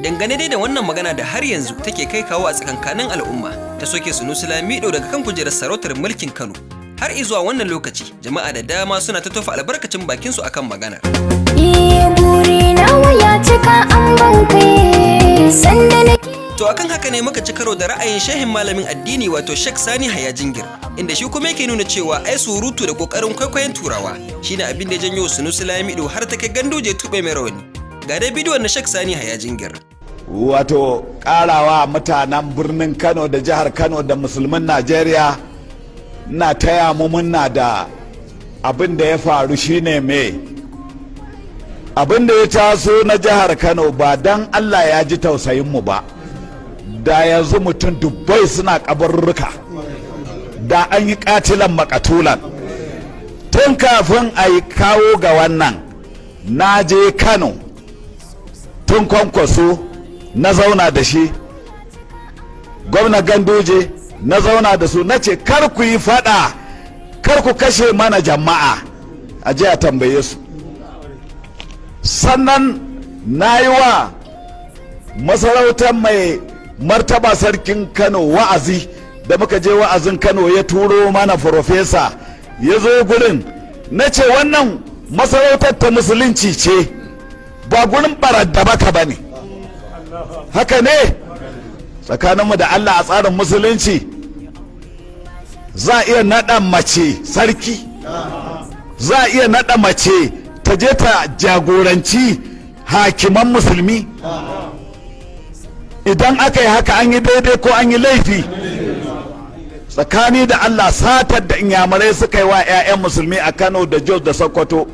Dangane dai da wannan magana da har yanzu take kai kawo a tsakankanin al'umma ta soke Sunusi Lamido daga kan kujerar sarautar mulkin Kano. Har izuwa wannan lokaci jama'a da dama suna ta tofa albarkacin bakin su akan maganar. To akan haka ne muka ci karo da ra'ayin shehin malamin addini wato Sheikh Sani Haya Jingir inda shi kuma yake nuna cewa ai surutu da kokarin kwaikwayon turawa shine abin da ya janyo Sunusi Lamido har ta kai ganduje tuɓe mai rauni. ga dai bidiyon na Sheikh Sani Haya Jingir wato karawa mutanen birnin Kano da jihar Kano da musulmin Najeriya na taya mu munna da abin da ya faru shine me abin da ya taso na jihar Kano ba dan Allah ya ji tausayin mu ba da yanzu mutum dubbai suna kabarruka da an yi katilan makatulan tun kafin a yi kawo ga wannan na je kano sun kwankwaso na zauna da shi gwamna gandoje na zauna da su na ce kar ku yi fada kar ku kashe mana jama'a a je tambaye su sannan na yi wa masarautar mai martaba sarkin kano wa'azi da muka je wa'azin kano ya turo mana farofesa ya zo gurin na ce wannan masarautar ta musulunci ce ba gurin barar da baka ba haka ne tsakaninmu da allah a tsarin musulunci za a iya naɗa mace sarki za a iya naɗa mace ta je ta jagoranci hakiman musulmi idan aka yi haka an yi daidai ko an yi laifi tsakani da allah satar da inyamurai suka yi wa 'ya'yan musulmi a kano da jos da sokoto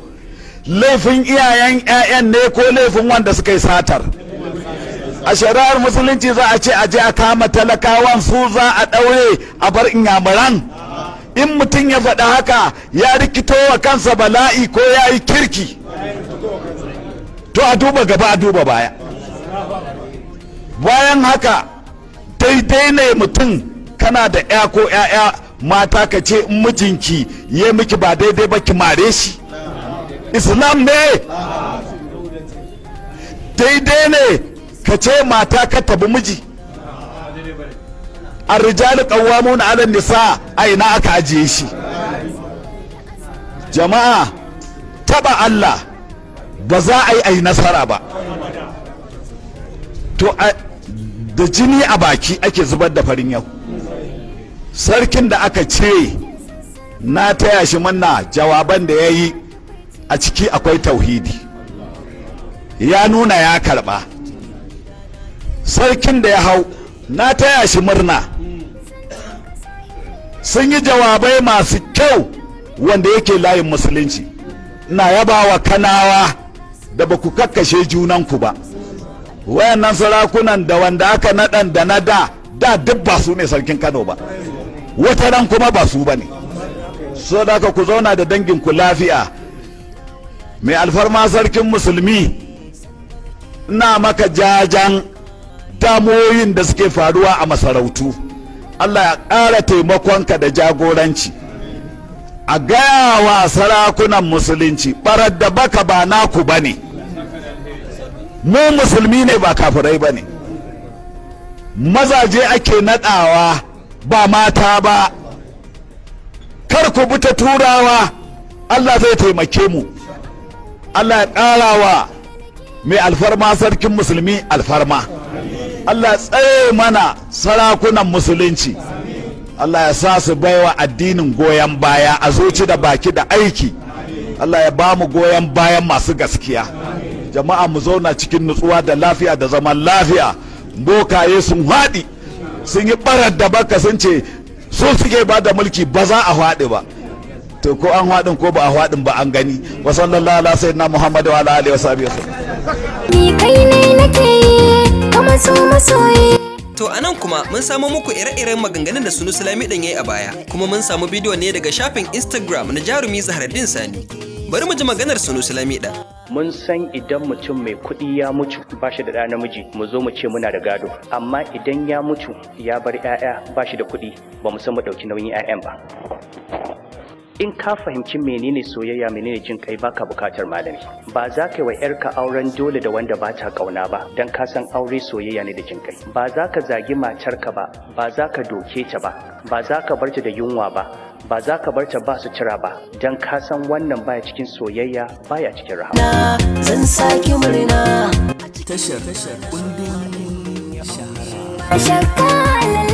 laifin iyayen 'ya'yan ne ko laifin wanda suka yi satar a shari'ar musulunci za a ce a je a kama talakawan su za a ɗaure a bar inyamuran in mutum ya faɗa haka ya rikito wa kansa bala'i ko ya yi kirki to a duba gaba a duba baya bayan haka daidai ne mutum kana da 'ya ko 'ya'ya mata ka ce mijinki ya miki ba daidai ba ki mare shi islam ne daidai ne ka ce mata ka tabi miji a rijali kawamun ala nisa a ina aka ajiye shi jama'a taba allah ba za a yi a yi nasara ba to da jini a baki ake zubar da farin yau sarkin da aka ce na taya shi manna jawaban da ya yi a ciki akwai tauhidi ya nuna ya karba sarkin da ya hau na taya shi murna sun yi jawabai masu kyau wanda yake layin musulunci na yaba wa kanawa da ba ku kakkashe junanku ba wayannan sarakunan da wanda aka naɗan da na da da duk ba su ne sarkin kano ba wata ran kuma ba su ba ne so da ku zauna da dangin ku lafiya mai alfarma sarkin musulmi na maka jajan damoyin da suke faruwa a masarautu allah ya ƙara taimakonka da jagoranci a gaya wa sarakunan musulunci barar da baka ba naku ba ne mu musulmi ne ba kafirai ba ne mazaje ake naɗawa ba mata ba kar ku bi ta turawa allah zai taimake mu Allah ya ƙara wa mai alfarma sarkin musulmi alfarma Allah tsaye mana sarakunan musulunci Allah ya sa su baiwa addinin goyon baya a zuci da baki da aiki Allah ya ba mu goyon bayan masu gaskiya jama'a mu zauna cikin nutsuwa da lafiya da zaman lafiya bokaye sun haɗi sun yi barar da baka sun ce sun suke ba da mulki ba za a haɗi ba to ko an haɗin ko ba a haɗin ba an gani wa sallallahu ala sayyidina muhammad wa ala alihi wa sahbihi ni kai ne nake kuma so masoyi To a nan kuma mun samu muku ire-iren maganganun da Sunu Sulami ya yayi a baya, kuma mun samu bidiyo ne daga shafin Instagram na jarumi Zaharaddin Sani. Bari mu ji maganar Sunu Sulami ɗan. mun san idan mutum mai kuɗi ya mutu ba shi da ɗa namiji mu zo mu ce muna da gado amma idan ya mutu ya bar 'ya'ya ba shi da kuɗi ba mu san mu ɗauki nauyin 'ya'yan ba in ka fahimci menene soyayya menene jin kai baka bukatar malami ba za ka yi wa yarka auren dole da wanda ba ta kauna ba dan ka san aure soyayya ne da jin kai ba za ka zagi matarka ba ba za ka doke ta ba ba za ka barta da yunwa ba ba za ka barta ba su cira ba dan ka san wannan baya cikin soyayya baya cikin rahama zan saki murna tashar kundin shahara